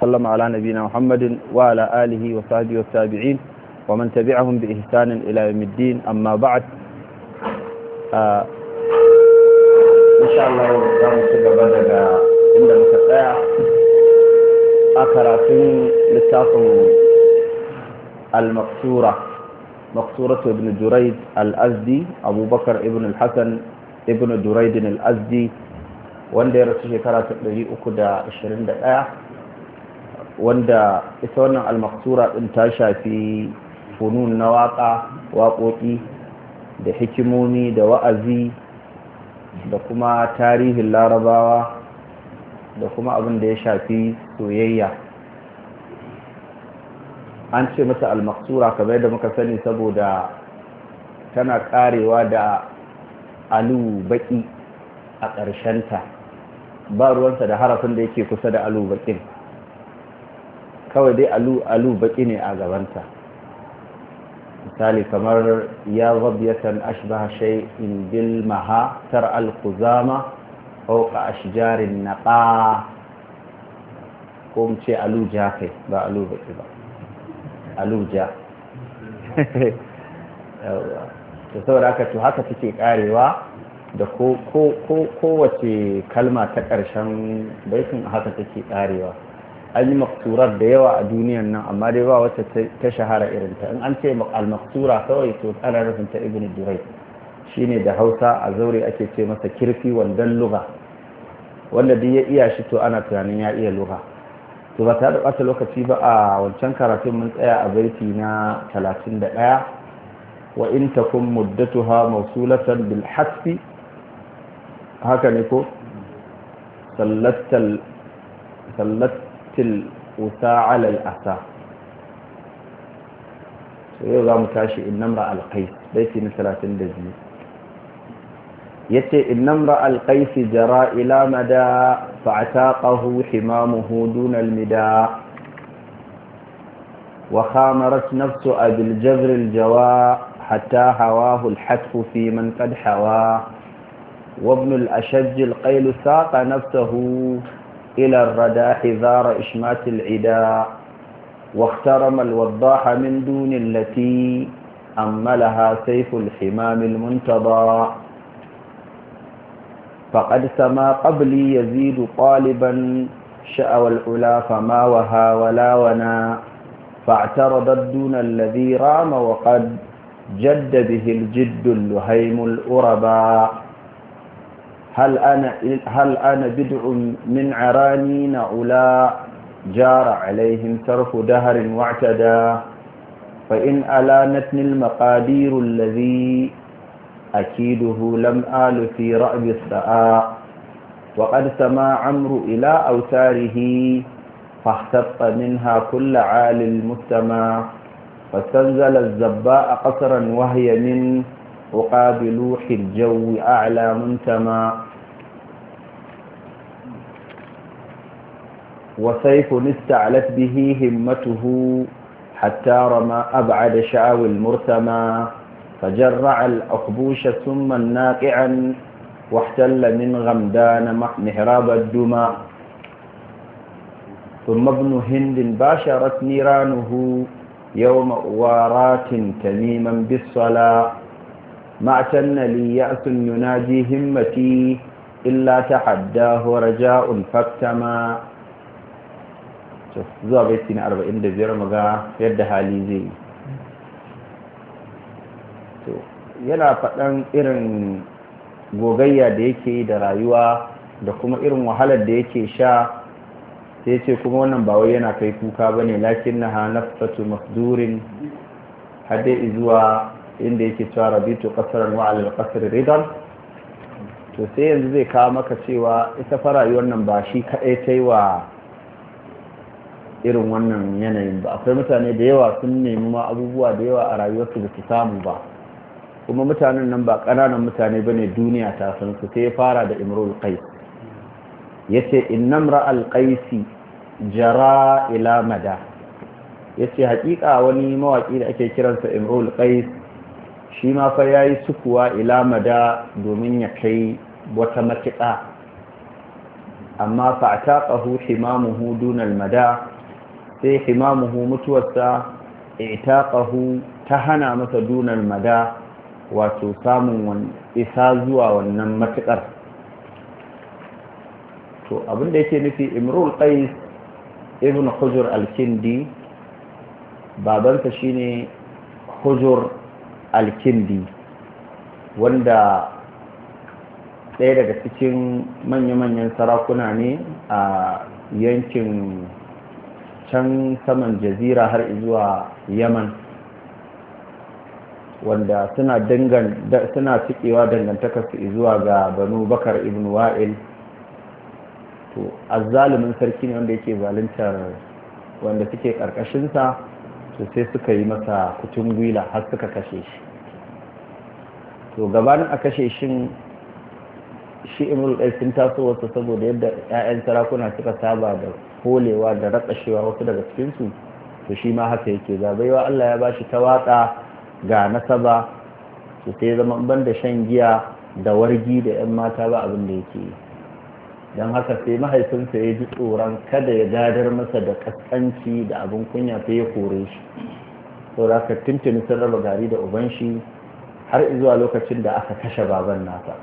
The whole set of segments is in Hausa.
وسلم على نبينا محمد وعلى آله وصحبه والتابعين ومن تبعهم بإحسان إلى يوم الدين أما بعد آه، إن شاء الله دام سبب إن عند المتساع أكراتين لتاكم المقصورة مقصورة ابن جريد الأزدي أبو بكر ابن الحسن ابن جريد الأزدي wanda ya rasu shekara ta 321 wanda ita wannan almaksura ɗin ta shafi funun na waƙa waƙoƙi da hikimomi da wa'azi da kuma tarihin larabawa da kuma abin da ya shafi soyayya an ce mata ka kamar da muka sani saboda tana karewa da alu baƙi a ƙarshenta ba ruwansa da harafin da yake kusa da alu baƙin kawai dai alu alu baki ne a gabanta misali kamar ya zabiyatan ashbaha shay'in bil maha tar al khuzama fawqa ashjarin naqa ko mu ce alu ja kai ba alu baki ba alu ja to saboda haka to haka take karewa da ko ko ko kowace kalma ta ƙarshen baitin haka take karewa an yi makturar da yawa a duniyan nan amma dai ba wata ta shahara irin ta in an ce al-maktura kawai to ana nufin ta ibn durai shine da hausa a zaure ake ce masa kirfi wandan luga wanda duk ya iya shi to ana tunanin ya iya luga to ba tare da ɓata lokaci ba a wancan karatun mun tsaya a baiti na 31 wa in kun muddatuha mawsulatan bil hasfi haka ne ko sallatal qisatil usa ala al-asa to yau zamu tashi innamra al yace innamra jara ila mada fa'ataqahu himamuhu duna al-mida وخامرت نفس أبي الجبر الجوى حتى هواه الحتف في من قد حواه وابن الأشج القيل ساق نفسه إلى الرداء حذار إشمات العداء واخترم الوضاح من دون التي أملها سيف الحمام المنتضى فقد سما قبلي يزيد طالبا شأوى الأولى فما وها ولا ونا فاعترضت دون الذي رام وقد جد به الجد اللهيم الأرباء هل أنا, هل أنا بدع من عرانين أولا جار عليهم ترف دهر واعتدى فإن ألانتني المقادير الذي أكيده لم آل في رأب السآء وقد سما عمرو إلى أوتاره فاختط منها كل عال المستمع فاستنزل الزباء قصرا وهي من أقابل لوح الجو أعلى منتمى وسيف استعلت به همته حتى رمى أبعد شعو المرتمى فجرع الأخبوش ثم ناقعا واحتل من غمدان محراب الدمى ثم ابن هند باشرت نيرانه يوم أوارات تميما بالصلاة ما أتن لي ji ينادي همتي إلا تحداه رجاء فاكتما zuwa baiti na 45 maga yadda hali zai yi. yana faɗan irin gogayya da yake da rayuwa da kuma irin wahalar da yake sha sai ce kuma wannan ba wai yana kai kuka ba ne lakin na hanafsatu masdurin hade zuwa inda yake cewa rabitu qasran wa alal qasri ridan to sai yanzu zai kawo maka cewa ita fa rayuwar nan ba shi kaɗai ta wa irin wannan yanayin ba akwai mutane da yawa sun nemi ma abubuwa da yawa a rayuwarsu da su samu ba kuma mutanen nan ba ƙananan mutane ba ne duniya ta san su sai ya fara da imrul qais yace innam ra'al qaisi jara ila mada yace haƙiƙa wani mawaki da ake kiransa imrul qais shi ma fa ya yi sukuwa mada domin ya kai wata matuƙa amma fa a taƙahu himamuhu dunal mada sai himamuhu mutuwarsa itaƙahu ta hana masa dunal mada wato samun isa zuwa wannan matuƙar to abinda yake nufi imrul qais ibn hujur al-kindi babansa shine hujur alkindi wanda ɗaya daga cikin manya-manyan sarakuna ne a yankin can saman jazira har zuwa yaman wanda suna suna cikewa su zuwa ga banu bakar ibn wa'il to azzalumin sarki ne wanda yake zaluntar wanda suke ƙarƙashinsa to sai suka yi masa kutun gwila har suka kashe shi to gabanin a kashe shin shi imrul ɗai sun taso wasu saboda yadda 'ya'yan sarakuna suka saba da holewa da raƙashewa wasu daga cikinsu to shi ma haka yake zabaiwa Allah ya bashi ta waƙa ga nasaba to sai zama ban da shan giya da wargi da 'yan mata ba abin da yake yi don haka sai mahaifinsa ya ji tsoron kada ya gadar masa da kaskanci da abin kunya sai ya kore shi to da aka tuntuni sun raba gari da uban shi har zuwa lokacin da aka kashe baban nasa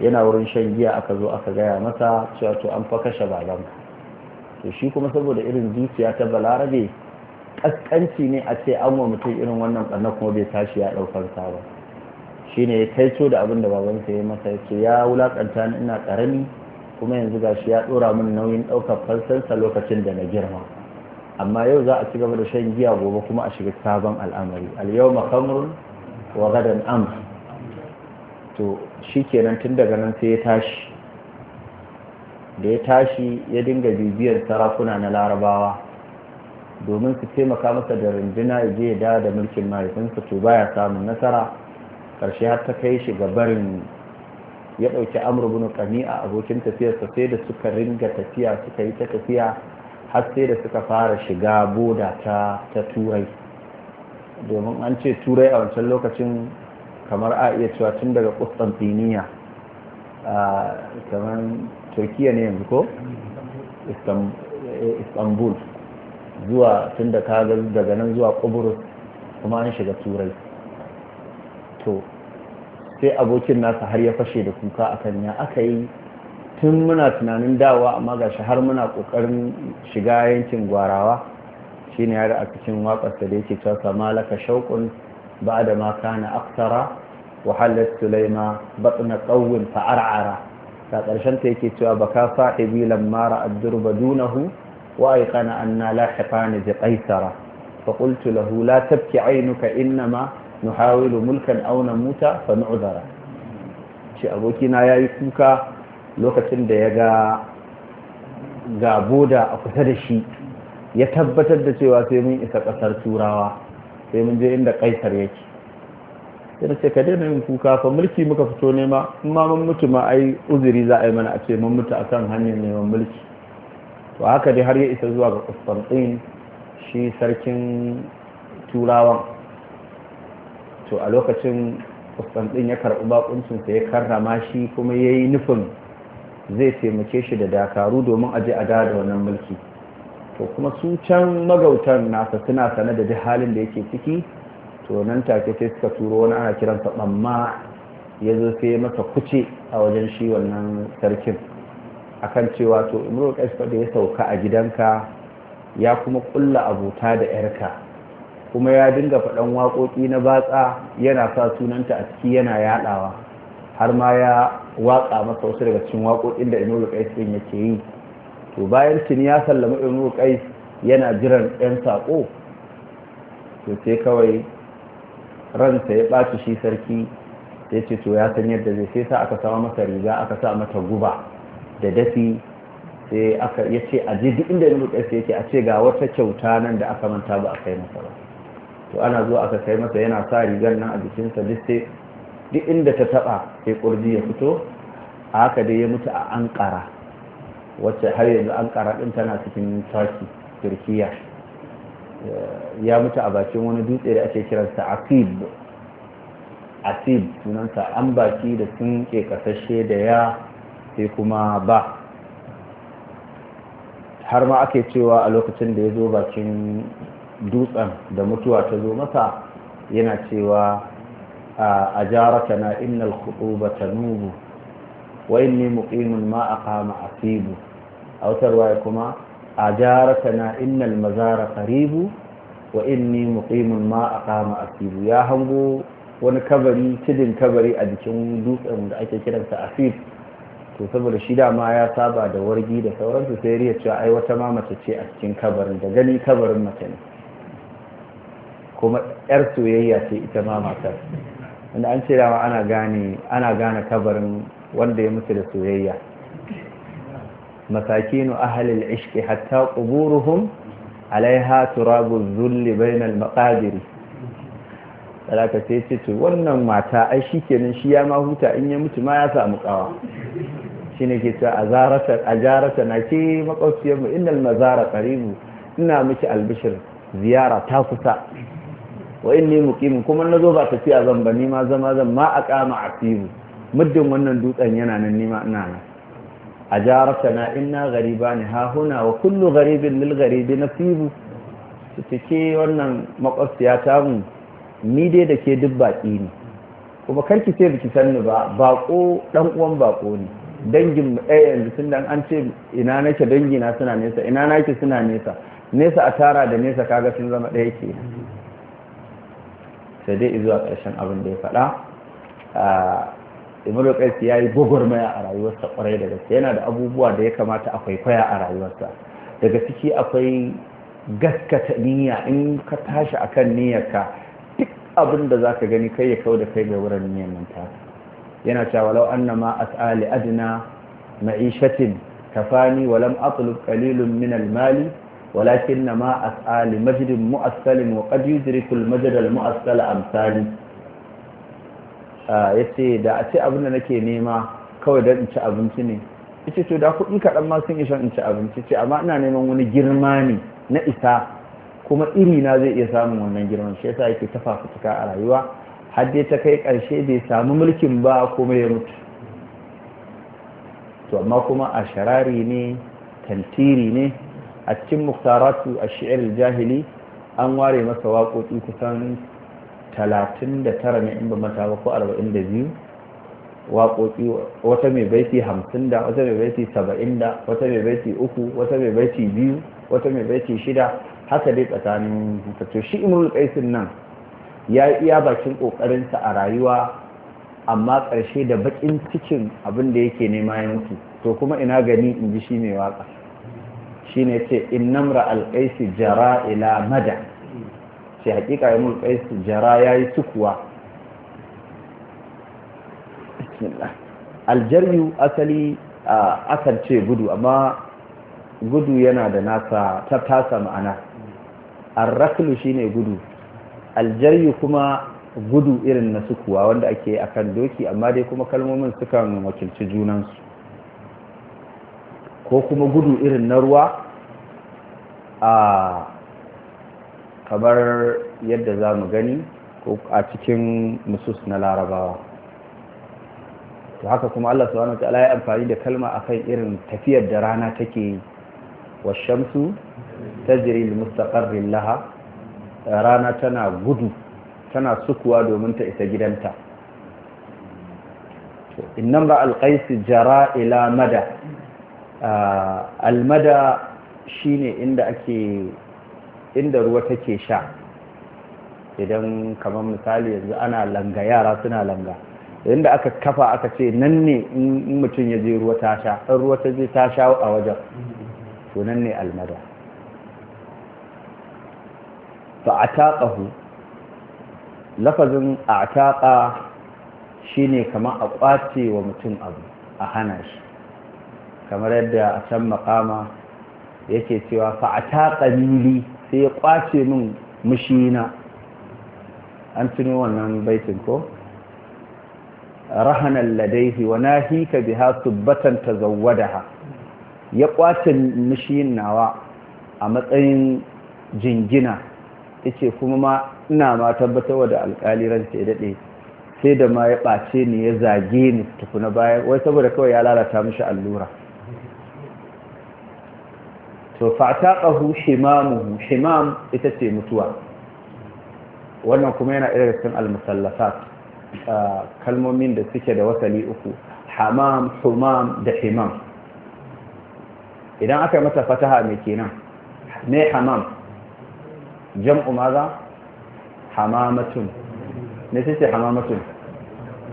yana wurin shan giya aka zo aka gaya masa cewa to an fa kashe baban to shi kuma saboda irin zuciya ta balarabe kaskanci ne a ce an wa mutum irin wannan ɓanna kuma bai tashi ya ɗaukar sa ba shine ya kaito da abin da babansa ya yi masa ya ce ya wulakanta ni ina ƙarami kuma yanzu gashi ya dora min nauyin ɗaukar falsansa lokacin da na girma amma yau za a ci gaba da shan giya gobe kuma a shiga sabon al'amari al-yawma khamrun wa gadan amr to shi kenan tun daga nan sai ya tashi da ya tashi ya dinga bibiyar sarakuna na larabawa domin su taimaka masa da runduna ya je ya da mulkin mahaifinsa to baya samun nasara ƙarshe har ta kai shi ga barin ya ɗauki amurbin bin a abokin tafiyarsa sai da suka ringa tafiya suka yi ta tafiya har sai da suka fara shiga boda ta ta turai domin an ce turai a wancan lokacin kamar a iya cewa tun daga kustantiniya kamar turkiya ne yanzu ko istanbul zuwa tun da daga nan zuwa kuburus kuma an shiga turai to sai abokin nasa har ya fashe da kuka akan ya aka yi tun muna tunanin dawa amma gashi har muna ƙoƙarin shiga yankin gwarawa ne har a cikin wakar da yake cewa kamalaka shauqun ba'da ma kana aktara wa sulaima batna qawwin fa ar'ara ta karshen ta yake cewa baka sahibi lamma ra'ad durba dunahu wa ayqana anna lahiqan bi qaisara fa qultu lahu la tabki aynuka innama nuhawilu mulkan auna muta fa nu'zara ce abokina ya yi kuka lokacin da ya ga ga boda a kusa da shi ya tabbatar da cewa sai mun isa ƙasar turawa sai mun je inda kaisar yake sai ce ka daina yin kuka fa mulki muka fito nema in ma mun mutu ma ai uzuri za a yi mana a ce mun mutu akan hanyar neman mulki to haka dai har ya isa zuwa ga Constantine shi sarkin turawan to a lokacin kusan ɗin ya karɓi sa ya karrama shi kuma ya yi nufin zai taimake shi da dakaru domin aje a da wannan mulki to kuma su can magautan nasa suna sane da duk halin da yake ciki to nan take sai suka turo wani ana kiransa ɓamma ya zo sai ya masa kuce a wajen shi wannan sarkin akan cewa to imru kaifa da ya sauka a gidanka ya kuma kulla abota da yarka kuma ya dinga faɗan waƙoƙi na batsa yana sa sunanta a ciki yana yaɗawa har ma ya waƙa masa wasu daga cikin waƙoƙin da imru ɗin din yake yi to bayan tuni ya sallama imru yana jiran ɗan saƙo to sai kawai ransa ya ɓaci shi sarki ya ce to ya san yadda zai sai sa aka sama masa riga aka sa mata guba da dafi sai aka ya a je duk inda imru yake a ce ga wata kyauta nan da aka manta ba a kai masa ba to ana zuwa aka kai masa yana sa rigar nan a jikinsa duk duk inda ta taba sai kurji ya fito a haka dai ya mutu a ankara wacce har yanzu ankara din tana cikin turki turkiya ya mutu a bakin wani dutse da ake kiransa asib asib sunansa an baki da sun ke kasashe da ya sai kuma ba har ma ake cewa a lokacin da ya zo bakin dutsen da mutuwa ta zo masa yana cewa a jaraka na innal ta nubu wa inni muqimun ma aqama asibu a wutar waye kuma a jaraka na innal mazara qaribu wa inni muqimun ma aqama asibu ya hango wani kabari cidin kabari a jikin dutsen da ake kiransa asib to saboda shi dama ya saba da wargi da sauransu sai riya cewa ai wata ma mace ce a cikin kabarin da gani kabarin mace ne kuma yar soyayya ce ita ma matar wanda an ce dama ana gane ana gane kabarin wanda ya mutu da soyayya masakinu ahlil ishqi hatta quburuhum alaiha turabu zulli bainal maqabiri talaka sai ce to wannan mata ai shikenan shi ya ma huta in ya mutu ma ya samu kawa shine ke ta azarata ajarata na ke makwabciyar mu innal mazara qaribu ina miki albishir ziyara ta kusa wa inni muqim kuma na zo ba tafiya zan ba ni ma zama zan ma aqama asiru muddin wannan dutsen yana nan ni ma ina nan ajaratana inna gharibani ha huna wa kullu gharibin lil gharibi nasibu take wannan makwabciya ta mu ni dai da ke duk baki ne kuma karki ce biki sanni ba bako dan uwan bako ne dangin mu ɗaya eh, yanzu tun dan an ce ina nake dangina suna nesa ina nake suna nesa nesa a tara da nesa kaga sun zama ɗaya kenan sai dai zuwa ƙarshen abin da ya faɗa a qais ya yi gwagwarmaya a rayuwarsa kwarai da gaske yana da abubuwa da ya kamata a kwaikwaya a rayuwarsa daga ciki akwai gaskata niyya in ka tashi a akan niyyarka duk abin da ka gani kai ya kau da kai ga wurin niyyar nan yana cewa walau annama as'ali Adina, ma'ishatin kafani Walam, lam Kalilun, Minal, mali ولكن ما أسعى لمجد مؤسل وقد يدرك المجد المؤسل أمثالي ya da a ce abin da nake nema kawai don in ci abinci ne da kuɗi kaɗan ma sun ishan in ci abinci ce amma ina neman wani girma ne na isa kuma iri na zai iya samun wannan girman shi yasa yake ta fafutuka a rayuwa har dai ta kai ƙarshe bai samu mulkin ba kuma ya mutu to amma kuma a sharari ne tantiri ne a cikin muktaratu a shi'ar jahili an ware masa waƙoƙi kusan 39 ne in ba mata ba ko 42 waƙoƙi wata mai baiti 50 da wata mai baiti 70 da wata mai baiti 3 wata mai baiti 2 wata mai baiti 6 haka dai tsakanin to shi imrul qaisin nan ya yi iya bakin sa a rayuwa amma ƙarshe da bakin cikin abin da yake nema ya mutu to kuma ina gani in ji shi mai waka shine ce innamra alqaisi jara ila mada ce hakika ya mulkaisi jara yayi sukuwa aljaryu asali akan ce gudu amma gudu yana da nasa ta tasa ma'ana arraklu shine gudu aljaryu kuma gudu irin na sukuwa wanda ake akan doki amma dai kuma kalmomin sukan wakilci junansu ko kuma gudu irin na ruwa a kamar yadda za mu gani ko a cikin musus na larabawa to haka kuma Allah subhanahu wa ta'ala ya amfani da kalma a kan irin tafiyar da rana take yi shamsu tajri mustaqarrin laha rana tana gudu tana sukuwa domin ta isa gidanta to innan ba alqais jara ila mada almada shine inda ake inda ruwa take sha idan kamar misali yanzu ana langa yara suna langa inda aka kafa aka ce nan ne in mutum ya je ruwa ta sha in ruwa ta je ta sha a wajen to nan ne almada fa ataqahu lafazin ataqa shine kamar a kwace wa mutum abu a hana shi kamar yadda a can makama yake cewa fa ataqa sai ya kwace min mushina an tuni wannan baitin ko rahana ladaihi wa nahika biha subbatan tazawwadaha ya kwace mushin nawa a matsayin jingina yace kuma ma ina ma tabbatar da alkali ranta ya dade sai da ma ya ɓace ni ya zage ni tukuna baya wai saboda kawai ya lalata mashi allura to fataqahu shimamuhu shimam ita ce mutuwa wannan kuma yana iri cikin al-musallafat kalmomin da suke da wasali uku hamam humam da himam idan aka mata fataha mai kenan ne hamam jam'u maza hamamatun ne ce hamamatun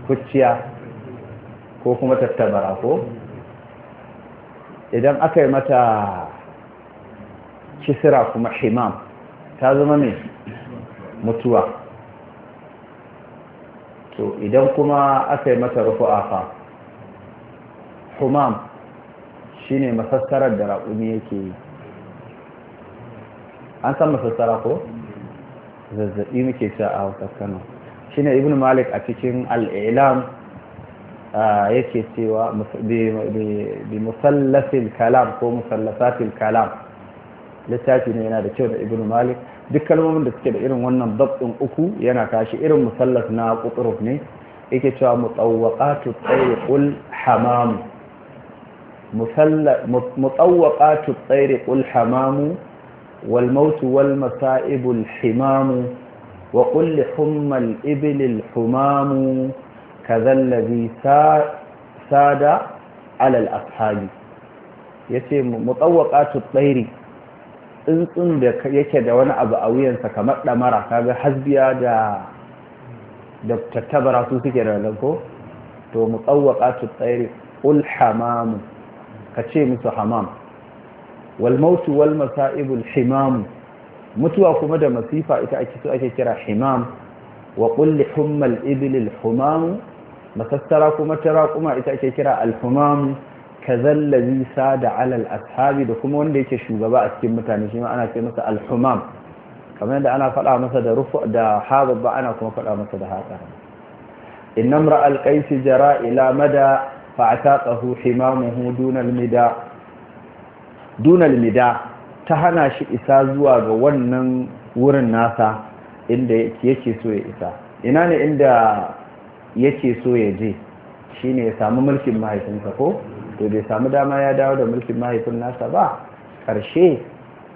kuciya ko kuma tattabara ko idan aka yi mata Kisira kuma himam ta zama mai mutuwa to idan kuma aka yi mata rufu'a fa humam shine masassarar da raƙumi yake yi an san masassara ko zazzaɓi muke cewa a hausar kano shine ibn malik a cikin al'ilam yake cewa bi musallafin kalam ko musallasatil kalam littafi ne yana da kyau da ibn malik duk kalmomin da suke da irin wannan babin uku yana tashi irin musallas na qutruf ne yake cewa mutawwaqatu tayriqul hamam mutawwaqatu tayriqul hamam wal maut wal masaibul himam wa qul hummal ibil humam kadha alladhi sada ala al ashabi yace mutawwaqatu tayriq tsuntsun da yake da wani abu a wuyansa kamar ɗamara kaga hasbiya da da tattabara su suke da lanko to mu tsawaka tu tsayri ul hamamu ka ce musu hamam wal mautu wal masaibul mutuwa kuma da masifa ita ake so ake kira himam wa qul hummal ibil al masassara kuma tara kuma ita ake kira al kazallazi sada alal ashabi da kuma wanda yake shugaba a cikin mutane shi ma ana ce masa al-humam kamar yadda ana faɗa masa da rufu da ba ana kuma faɗa masa da haka inna mra alqais jara ila mada fa'ataqahu himamuhu duna Mida duna mida ta hana shi isa zuwa ga wannan wurin nasa inda yake so ya isa ina ne inda yake so ya je shine ya samu mulkin mahaifinsa ko to bai samu dama ya dawo da mulkin mahaifin nasa ba ƙarshe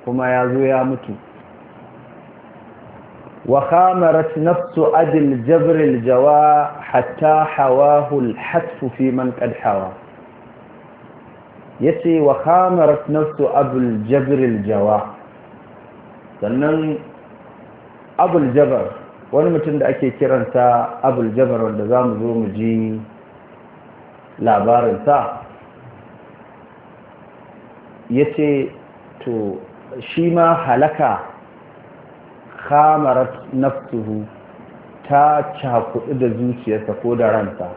kuma ya zo ya mutu wa khamarat nafsu adil jabril jawa hatta hawahu alhatfu fi man qad hawa yace wa khamarat nafsu abul jabril jawa sannan abul jabar wani mutum da ake kiranta abul jabar wanda zamu zo mu ji labarinsa ya ce to shi ma halaka kamarar nafsuhu ta cakudu da zuciyarsa ko da ranta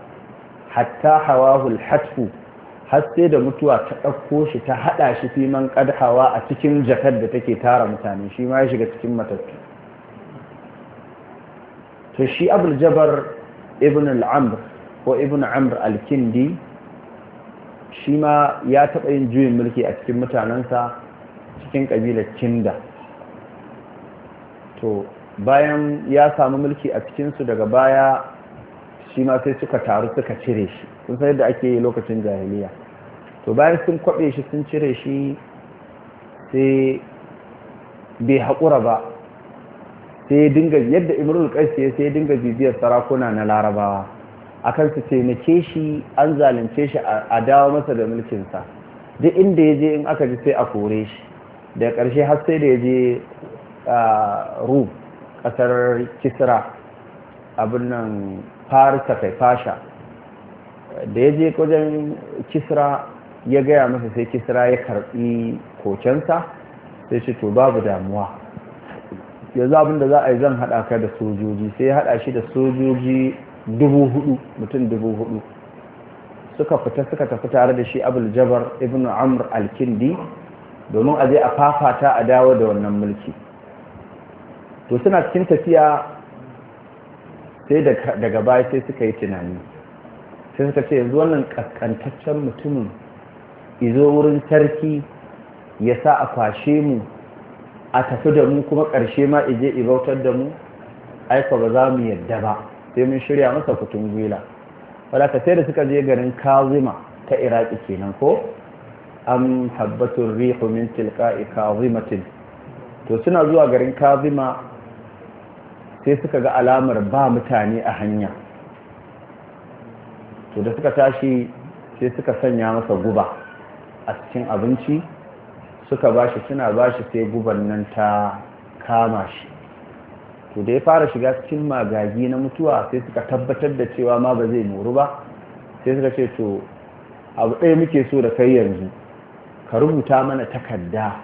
hatta hawa hatfu har da mutuwa ta ɗauko shi ta haɗa shi fiman ƙadhawa a cikin jakar da take tara mutane shi ma ya shiga cikin matattu to shi abul jabar ibn al'amr ko ibn amr al-kindi shi ma ya taɓa yin juyin mulki a cikin mutanensa cikin ƙabilar Cinda, to bayan ya samu mulki a cikinsu daga baya shi ma sai suka taru suka cire shi sun sai da ake yi lokacin jahiliya to bayan sun kwaɓe shi sun cire shi sai bai haƙura ba sai dinga yadda imrul ƙarshe sai dinga bibiyar sarakuna na larabawa akan su na shi an zalunce shi a dawo masa da mulkinsa duk inda ya je in aka ji sai a kore shi da ƙarshe har sai da ya je rum ƙasar kisra abin nan farisa kai fasha da ya je wajen kisra ya gaya masa sai kisra ya karɓi kokensa sai shi to babu damuwa yanzu abin da za a yi zan haɗa ka da sojoji sai ya haɗa shi da sojoji dubu hudu mutum dubu hudu suka fita suka tafi tare da shi abul jabar ibn amr al-kindi domin a je a fafata a dawo da wannan mulki to suna cikin tafiya sai daga baya sai suka yi tunani sai suka ce yanzu wannan kaskantaccen mutumin izo wurin sarki ya sa a kwashe mu a tafi da mu kuma ƙarshe ma ije ibautar da mu aiko ba za mu yadda ba sai mun shirya masa kutun gwila wadaka sai da suka je garin kazima ta iraki kenan ko an habbatun rihu min tilka'i kazimatin to suna zuwa garin kazima sai suka ga alamar ba mutane a hanya to da suka tashi sai suka sanya masa guba a cikin abinci suka ba shi suna ba shi sai guban nan ta kama shi to da ya fara shiga cikin magagi na mutuwa sai suka tabbatar da cewa ma ba zai moru ba sai suka ce to abu ɗaya muke so da kai yanzu ka rubuta mana takarda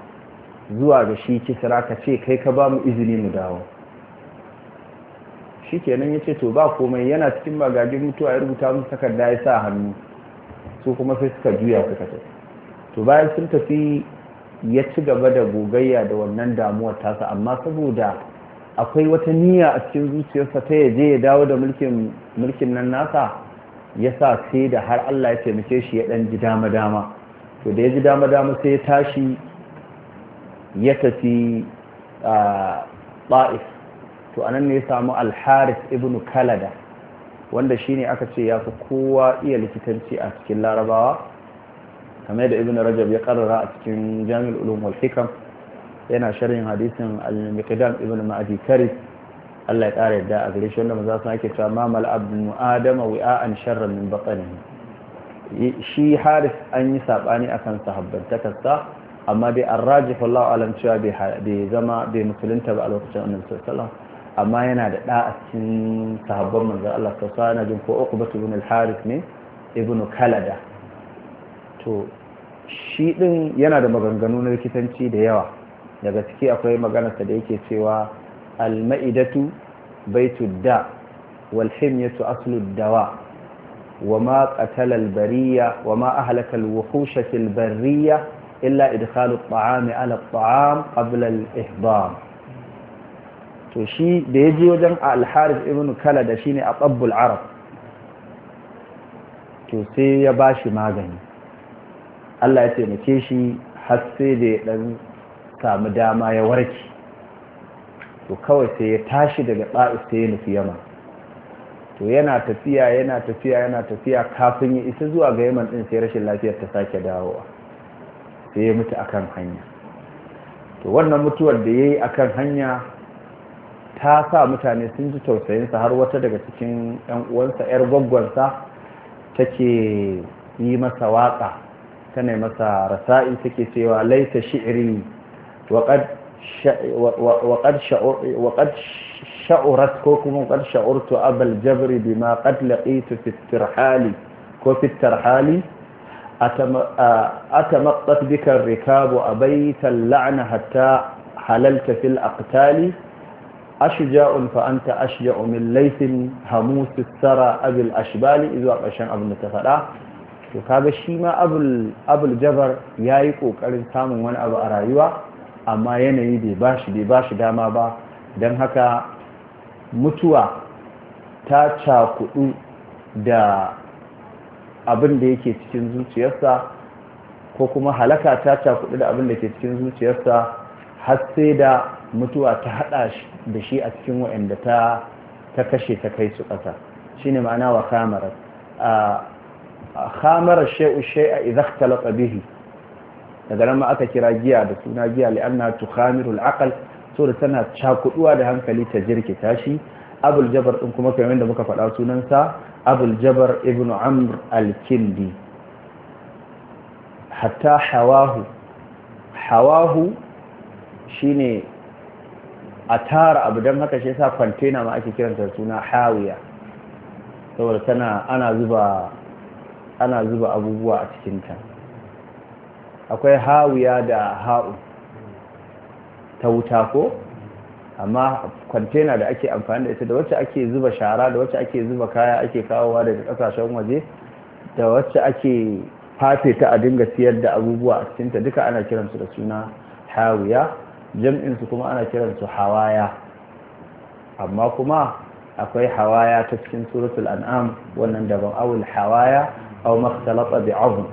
zuwa ga shi kisra ka ce kai ka ba mu izini mu dawo shi kenan ya ce to ba komai yana cikin magagin mutuwa ya rubuta musu takarda ya sa hannu su kuma sai suka juya suka tafi to bayan sun tafi ya ci gaba da gogayya da wannan damuwar tasa amma saboda akwai wata niyya a cikin zuciyarsa ta yaje ya dawo da mulkin mulkin nan nasa ya sa sai da har Allah ya taimake shi ya ɗan ji dama dama to da ya ji dama dama sai ya tashi ya tafi ɗa'is. to anan ne ya samu Alharis Ibnu ibn kalada wanda shine aka ce ya fi kowa iya likitanci a cikin larabawa kamar da ibn rajab ya karara a cikin jami'ul ulum wal hikam yana sharhin hadisin al-miqdam ibn ma'adi karis Allah ya ƙara yadda a gare shi wanda maza sun ake cewa mamal abin adama wi'a'an sharran min batsanihi shi haris an yi saɓani akan sahabbantakarsa amma dai an raji fallawa alam cewa bai zama bai musulunta ba a lokacin annan sallallahu amma yana da ɗa a cikin sahabban manzan Allah sa yana jin ko uku ibn al-haris ne ibn kalada to shi ɗin yana da maganganu na rikitanci da yawa daga ciki akwai maganarsa da yake cewa alma'idatu baitud da wal himyatu aslud dawa wa ma qatala al bariya wa ma ahlaka al wuhush fil barriya illa idkhalu at ta'ami ala at ta'am qabla al ihdam to shi da yaji wajen al harith ibn kala da shine atabbul arab to sai ya bashi magani Allah ya taimake shi har sai da ya dan samu dama ya warke to kawai sai ya tashi daga ba'is sai ya nufi yaman to yana tafiya yana tafiya yana tafiya kafin ya isa zuwa ga yaman ɗin sai rashin lafiyar ta sake dawowa sai ya mutu akan hanya to wannan mutuwar da ya yi akan hanya ta sa mutane sun ji tausayinsa har wata daga cikin 'yan uwansa 'yar gwaggwansa take yi masa watsa ne masa rasa'i take cewa laita shi'iri وقد ش... و... وقد شعر وقد شعرت كوكم وقد شعرت أبا الجبر بما قد لقيت في الترحال وفي الترحال أتم... أتمطت بك الركاب أبيت اللعن حتى حللت في الأقتال أشجاء فأنت أشجع من ليث هموس السرى أبي الأشبال إذ وقشن أبن تفرع وكاب الشيما أبو الجبر يايك وكالن سامن وان أبو أرايوه amma yanayi bai ba shi bai ba shi dama ba don haka mutuwa ta cakudu da abin da yake cikin zuciyarsa ko kuma halaka ta cakudu da abin da ke cikin zuciyarsa har sai da mutuwa ta hada da shi a cikin wa'anda ta ta kashe ta kai su ƙasa shi ne ma'ana wa kamarar a kamarar shai'u shai'a idan talaka bihi daga nan ma aka kira giya da suna giya li'anna tukhamirul aqal so da tana cakuduwa da hankali ta jirkita shi abul jabar din kuma kamar yadda muka faɗa sunansa abul jabar ibnu amr al-kindi hatta hawahu hawahu shine a tara abu don haka shi yasa kwantena ma ake kiranta suna hawiya saboda tana ana zuba ana zuba abubuwa a cikinta akwai hawiya da ha'u ta wuta ko amma kwantena da ake amfani da ita da wacce ake zuba shara da wacce ake zuba kaya ake kawowa daga kasashen waje da wacce ake fafe ta a dinga siyar da abubuwa a cikinta duka ana kiransu da suna hawiya jam'insu kuma ana kiransu hawaya amma kuma akwai hawaya ta cikin suratul an'am wannan daban awul hawaya aw makhtalata bi'azm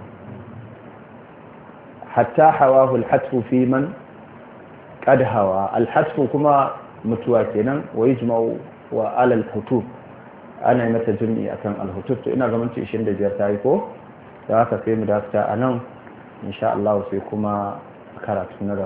hatta hawa alhatfu fi man qad hawa alhatfu kuma mutuwa kenan wa jimau wa alal hutu ana mata jami'i akan alhutu to ina ga minti 25 tayi ko da haka sai mu a anan insha Allah sai kuma karatu na gaba.